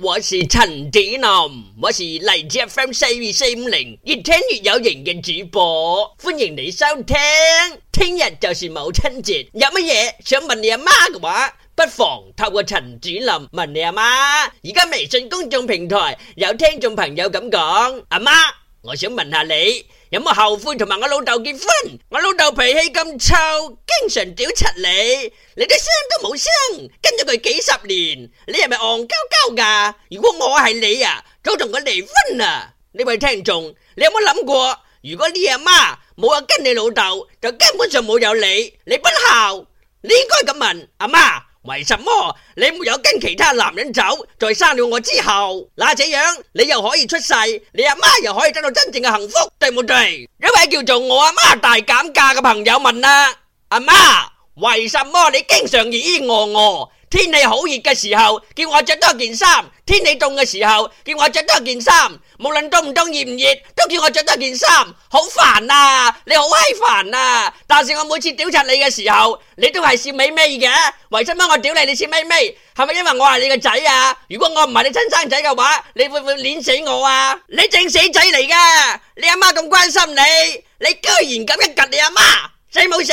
我是陳子林，我是荔枝 FM 四二四五零，越聽越有型嘅主播，歡迎你收聽。聽日就是母親節，有乜嘢想問你阿媽嘅話，不妨透過陳子林問你阿媽。而家微信公眾平台有聽眾朋友咁講，阿媽。我想問下你有冇後悔同埋我老豆結婚？我老豆脾氣咁臭，經常屌七你，你啲聲都冇聲，跟咗佢幾十年，你係咪戇鳩鳩㗎？如果我係你呀，就同佢離婚啦，啊！呢位聽眾，你有冇諗過？如果你阿媽冇有跟你老豆，就根本上冇有你，你不孝，你應該咁問阿媽。媽為什麼你沒有跟其他男人走，在生了我之後，那這樣你又可以出世，你阿媽又可以得到真正嘅幸福，對冇對？一位叫做我阿媽大減價嘅朋友問啦、啊，阿媽，為什麼你經常衣衣鵝鵝？天氣好熱嘅時候叫我着多件衫，天氣凍嘅時候叫我着多件衫，無論凍唔凍熱唔熱都叫我着多件衫，好煩啊！你好閪煩啊！但是我每次屌柒你嘅時候，你都係笑眯眯嘅，為乜我屌你你笑眯眯？係咪因為我係你個仔啊？如果我唔係你親生仔嘅話，你會唔會碾死我啊？你正死仔嚟噶，你阿媽咁關心你，你居然咁一及你阿媽，死冇死？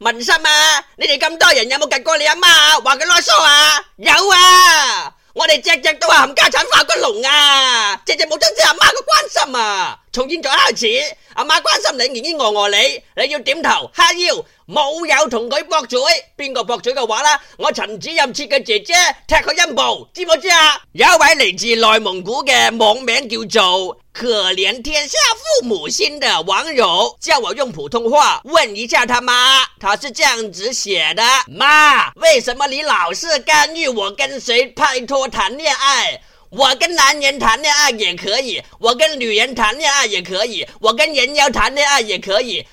問心啊！你哋咁多人有冇及過你阿媽啊？話佢囉嗦啊！有啊！我哋只只都話冚家產化骨龍啊！只隻冇爭只阿媽個關心啊！從現在開始，阿媽關心你，兒子愛理，你你要點頭哈腰，冇有同佢駁嘴。邊個駁嘴嘅話呢？我陳子任次嘅姐姐踢佢陰部，知唔知啊？有一位嚟自內蒙古嘅網名叫做可憐天下父母心嘅網友，叫我用普通話問一下他媽，他是這樣子寫的：媽，為什麼你老是干預我跟誰拍拖談戀愛？我跟男人談戀愛也可以，我跟女人談戀愛也可以，我跟人妖談戀愛也可以。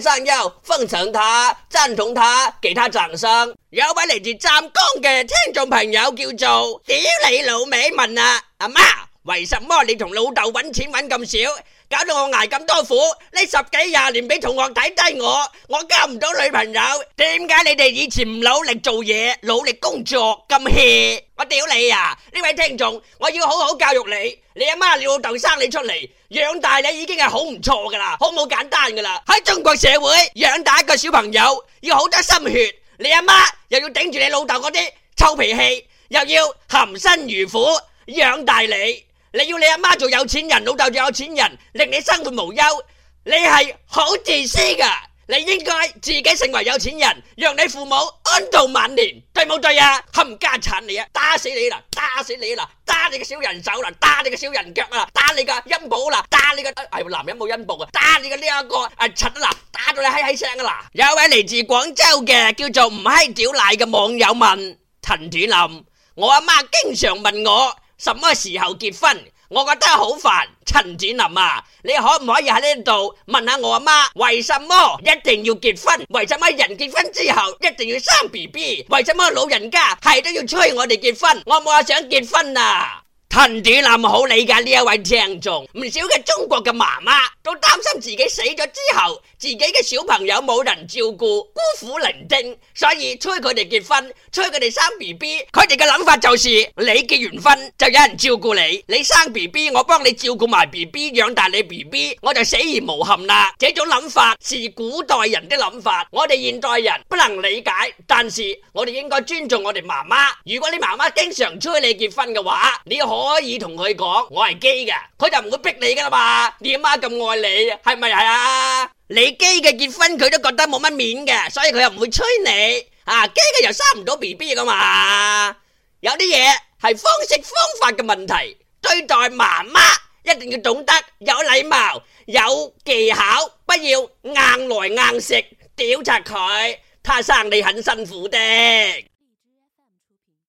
上要奉承他，贊同他，給他掌聲。有位嚟自湛江嘅聽眾朋友叫做屌你老尾，問啊，阿媽。為什麼你同老豆揾錢揾咁少，搞到我挨咁多苦？你十幾廿年俾同學睇低我，我交唔到女朋友，點解你哋以前唔努力做嘢，努力工作咁 h 我屌你啊！呢位聽眾，我要好好教育你。你阿媽、你老豆生你出嚟，養大你已經係好唔錯噶啦，好唔好？簡單噶啦，喺中國社會養大一個小朋友要好多心血，你阿媽又要頂住你老豆嗰啲臭脾氣，又要含辛茹苦養大你。你要你阿媽做有錢人，老豆做有錢人，令你生活無憂。你係好自私噶，你應該自己成為有錢人，讓你父母安度晚年，對冇對啊？冚家鏟你啊！打死你啦！打死你啦！打你個小人手啦！打你個小人腳啦！打你個陰寶啦！打你個誒，男人冇陰寶啊！打你個呢一個阿柒啦！打到你嗨嗨聲噶啦！有位嚟自廣州嘅叫做唔閪屌賴嘅網友問陳展林：我阿媽經常問我。什麼時候結婚？我覺得好煩，陳展林啊，你可唔可以喺呢度問下我阿媽，為什麼一定要結婚？為什麼人結婚之後一定要生 BB？為什麼老人家係都要催我哋結婚？我冇話想結婚啊！陳展林好理解呢一位聽眾，唔少嘅中國嘅媽媽都擔心自己死咗之後，自己嘅小朋友冇人照顧，孤苦伶仃，所以催佢哋結婚，催佢哋生 B B。佢哋嘅諗法就是：你結完婚就有人照顧你，你生 B B，我幫你照顧埋 B B，養大你 B B，我就死而無憾啦。這種諗法是古代人的諗法，我哋現代人不能理解，但是我哋應該尊重我哋媽媽。如果你媽媽經常催你結婚嘅話，你可。可以同佢講，我係 gay 噶，佢就唔會逼你噶啦嘛。你阿媽咁愛你啊，係咪係啊？你 gay 嘅結婚佢都覺得冇乜面嘅，所以佢又唔會催你。啊，gay 嘅又生唔到 BB 噶嘛。有啲嘢係方式方法嘅問題，對待媽媽一定要懂得有禮貌、有技巧，不要硬來硬食，屌窒佢，他生你很辛苦的。